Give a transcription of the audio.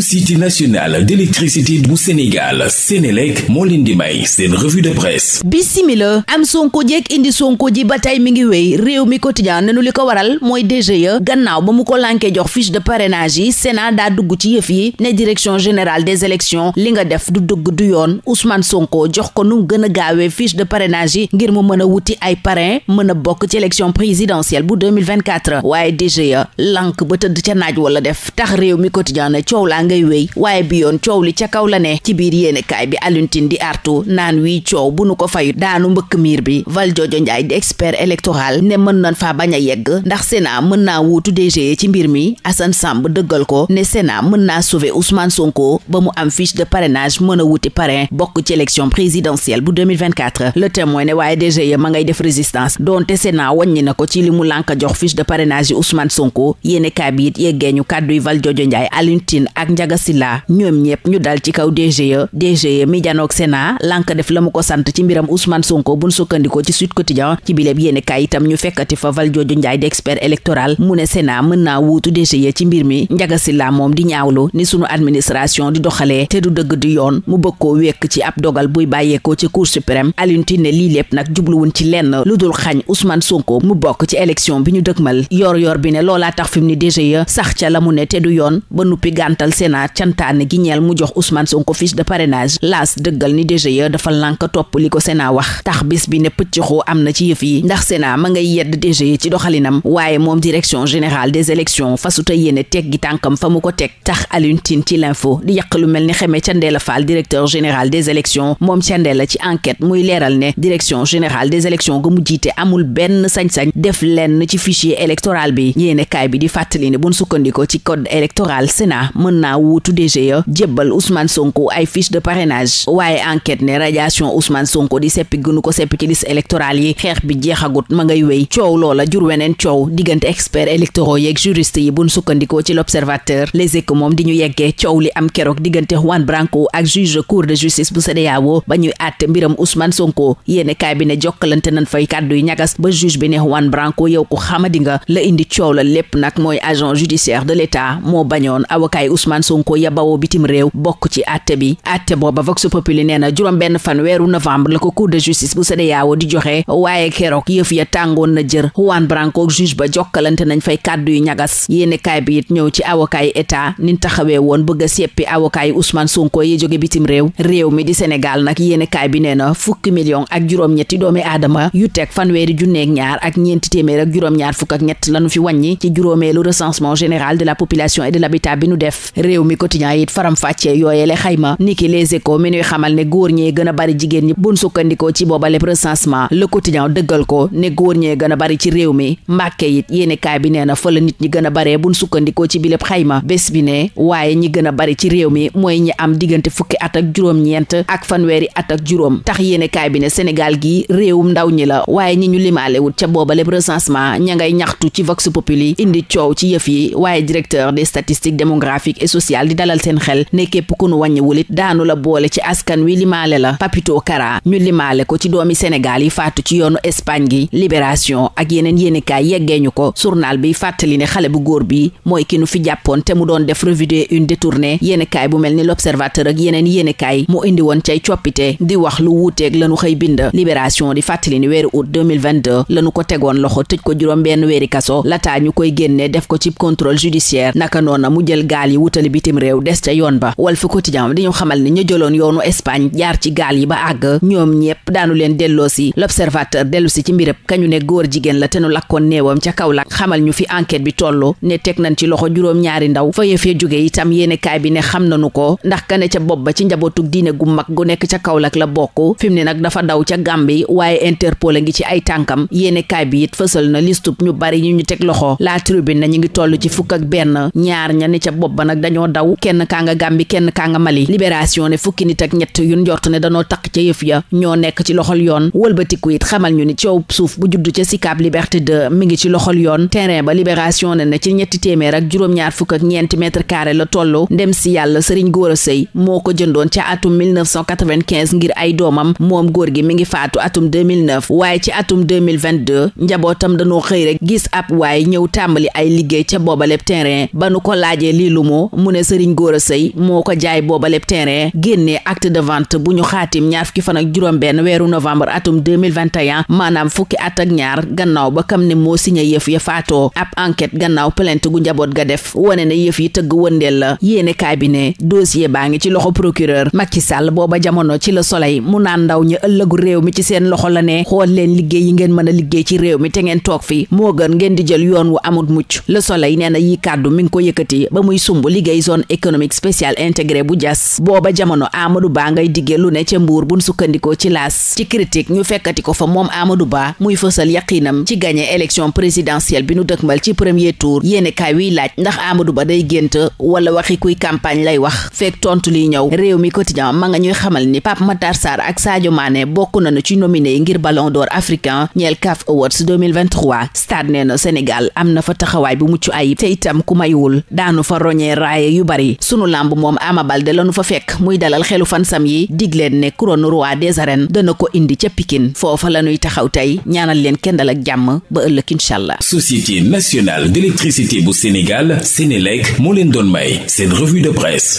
société nationale d'électricité bu Sénégal Sénélec moo am sonko jeeg indi sonko ji ba tey mi ngi wéy réew mi quotidien nanu li ko waral mooy DGE gannaaw ba mu ko lànkee jox fiche de parrainage yi Sénat daa dugg ci yëf yi ne direction générale des élections li nga def du dëgg du yoon Ousmane Sonko jox ko nu gën a gaawee fiche de parrainage yi ngir mu mën a wuti ay parrain mën a bokk ci élection présidentielle bu 2024 waaye DGE lànk ba tëdd ca naaj wala def tax réew mi quotidien ne coow laa ngay wéy waaye bi yoon coow li ca kaw la ne ci biir yéenekaay bi Alioune Tine di artu naan wii coow bu nu ko fayu daanu mbëkk miir bi Valdiodio Ndiaye di expert électoral ne mën nañ faa bañ a yegg ndax Sénat mën naa wuutu DG ci mbir mi Assane Samb dëggal ko ne Sénat mën naa sauver Ousmane Sonko ba mu am fiche de parrainage mën a wuti parrain bokk ci élection présidentielle bu 2024 le témoin ne waaye DG ya ma ngay def résistance doonte Sénat wàññi ko ci li mu lànk de parrainage yi Ousmane ak Njaga Silla ñoom ñépp ñu dal ci kaw DGE DGE mi janoog Sénat lank def la mu ko sant ci mbiram Ousmane Sonko buñ sukkandikoo ci Sud Quotidien ci biléb yéene kaay itam ñu fekkati fa val jooju njaay di expert électoral mu ne Sénat mën naa wuutu DGE ci mbir mi Njaga Silla moom di ñaawlu ni suñu administration di doxalee te du dëgg di yoon mu bëgg koo wekk ci ab dogal buy bàyyeekoo ci Cour suprême Alioune Tine lii lépp nag jubluwun ci lenn lu dul xañ Ousmane Sonko mu bokk ci élection bi ñu dëgmal yor yor bi ne loolaa tax fi mu ni sax ca la mu ne te du yoon Sénat cantaane gi ñeel mu jox Ousmane Sonko fiche de parrainage laas dëggal ni DGE dafa lànk topp li ko Sénat wax tax bis bi ne pëccixoo am na ci yëf yi ndax Sénat ma ngay yedd DGE ci doxalinam waaye moom direction générale des élections fasuta yéene teg gi tànkam fa ko teg tax Alioune Tine ci lu mel ni xeme Thiendella Fall directeur général des élections moom Thiendella ci enquête muy leeral ne direction général des élections ga mu jiite amul benn sañ-sañ def lenn ci fichier électoral bi yéene kaay bi di fàttali ne buñ sukkandikoo ci code électoral Sénat mën naa wuutu DGE jébbal Ousmane Sonko ay fiche de parrainage waaye enquête ne radiation Ousmane Sonko di seppi gënu ko seppi ci liste électorale yi xeex bi jeexagut ma ngay wéy coow loola jur weneen coow diggante experts électoraux yeeg juriste yi buñ sukkandikoo ci l'observateur les échos moom di ñu yeggee coow li am keroog diggante Juan Branco ak juge cour de justice bu CEDEAO ba ñuy àtte mbiram Ousmane Sonko yéene kaay bi ne jokkalante nañ fay kàddu Ousmane Sonko ya bawoo bitim réew bokk ci àtte bi àtte booba Vox Populi nee na juróom benn fan weeru novembre la ko cour de justice bu CEDEAO di joxe waaye keroog yëf ya tàngoon na jër Juan Branco juge ba jokkalante nañ fay kàddu yu ñagas yéene kaay bi it ñëw ci avocat yi état nin taxawee woon bëgg a seppi avocat yi Ousmane Sonko yi jóge bitim réew réew mi di Sénégal nag yéene kaay bi nee na fukki million ak juróom-ñetti doomi aadama yu teg fanweeri junneeg ñaar ak ñeenti téeméer ak juróom-ñaar fukk ak ñett lañu fi wàññi ci juróomeelu recensement réew mi quotidien it faram fàcce yooyele xayma niki les échos mi ñuy xamal ne góor ñee gën a bari jigéen ñi bun sukkandikoo ci boobaleb recensement le quotidien dëggal ko ne góor ñee gën a bari ci réew mi mbàkke it yéene kaay bi nee na nit ñi gën a baree bi ne waaye ñi gën a bari ci réew mi mooy ñi am diggante fukki at ak juróom-ñeent ak fanweeri at ak juróom tax yéene kaay bi ne Sénégal gi réewum ndaw ñi la waaye ñi ñu limaalewut ca boobaleb recensement ña ngay ñaxtu ci vox populi indi coow ci yëf yi waaye directeur des statistiques démographiques sociale di dalal seen xel ne képp ku nu wàññi wulit daanu la boole ci askan wi limaale la papito kara ñu limaale ko ci doomi sénégal yi faatu ci yoonu espagne gi libération ak yeneen yéenekaay yeggeeñu ko journal bi fàttali ne xale bu góor bi mooy ki nu fi jàppoon te mu doon def revue de une détournée yéenekaay bu mel ni l'observateur ak yeneen yéenekaay mu indi woon cay coppite di wax lu wuuteeg lanu xëy bind libération di fàttali ni weeru août 2022 lanu ko tegoon loxo tëj ko juróom benn weeri kaso lataa ko ci contrôle judiciaire naka noona mu jël gaal yi wutal jëmale bitim réew des ca yoon ba Walf Quotidien di ñu xamal ni ñu jëloon yoonu Espagne jaar ci gaal yi ba àgg ñoom ñépp daanu leen delloo si l'observateur dellu si ci mbirëb kañu ne góor jigéen la te nu lakkoon néewam ca Kaolack xamal ñu fi enquête bi tollu ne teg nañ ci loxo juróom ñaari ndaw fa yëfee jóge itam yéene kaay bi ne xam nanu ko ndax ka ne ca bopp ba ci njabootug diine gu mag gu nekk ca Kaolack la bokk fi mu ne nag dafa daw ca Gàmbi waaye Interpol a ngi ci ay tànkam yéene kaay bi it fësal na listub ñu bari ñu ñu teg loxo la tribune na ñu ngi ak benn ñaar ña ne ca ñoo daw kenn kaa nga Gàmbi kenn kaa nga Mali libération ne fukki nit ak ñett yu njort ne danoo takk ca yëf ya ñoo nekk ci loxol yoon wëlbatiku it xamal ñu ni coow suuf bu judd ca Sicap Liberté 2 mi ngi ci loxol yoon terrain ba libération ne na ci ñetti téeméer ak juróom-ñaar fukk ak ñeenti mètre carré la tollu ndem si yàlla Serigne a Seye moo ko jëndoon ca atum 1995 ngir ay doomam moom góor gi mi ngi faatu atum 2009 waaye ci atum 2022 njabootam dañoo xëy rek gis ab waaye ñëw tàmbali ay liggéey ca boobaleb terrain ba mu ne sëriñ góora sëy moo ko jaay boobaleb terrain génne acte de vente bu ñu xaatim ñaar fukki fan ak juróom benn weeru novembre atum 2021 maanaam fukki at ak ñaar gannaaw ba kam ne moo signé yëf ya faatoo ab enquête gannaaw pëlent gu njaboot ga def wane na yëf yi tëgg wëndeel la yéene cabinet dossier baa ngi ci loxo procureur ci Sall booba jamono ci la soleil mu naan ndaw ñi ëllëgu réew mi ci seen loxo la ne xool leen liggéey yi ngeen mën a liggéey ci réew mi te ngeen toog fi moo gën di jël wu amut mucc le soleil nee na yi kàddu mi ngi ko yëkkati ba muy sumb liggéey zone économique spéciale intégrée bu jas booba jamono amadu baa ngay diggee lu ne ca mbuur buñ sukkandikoo ci laas ci critique ñu fekkati ko fa moom amadu baa muy fësal yaqiinam ci gagné élection présidentielle bi nu dëkmal ci premier tour yéenekaay kaay wiy laaj ndax amadou ba day gént wala waxi kuy campagne lay wax fekk tontu liy ñëw réew mi quotidien ma nga ñuy xamal ni Pape Matar Sarr ak Sadio maane bokk na nañu ci nominé yi ngir ballon d'or africain ñeel CAF Awards 2023 nee na Sénégal am na fa taxawaay bu mucc ayib te itam raaya yu bari sunu lamb moom Ama Baldé lanu fa fekk muy dalal xelu fansam yi dig ne couronne roi des arènes dana ko indi ca Pikine foofa la ñuy taxaw tey ñaanal leen kendal ak jàmm ba ëllëg incha allah. Société nationale d'électricité bu Sénégal Sénélec moo leen doon may seen revue de presse.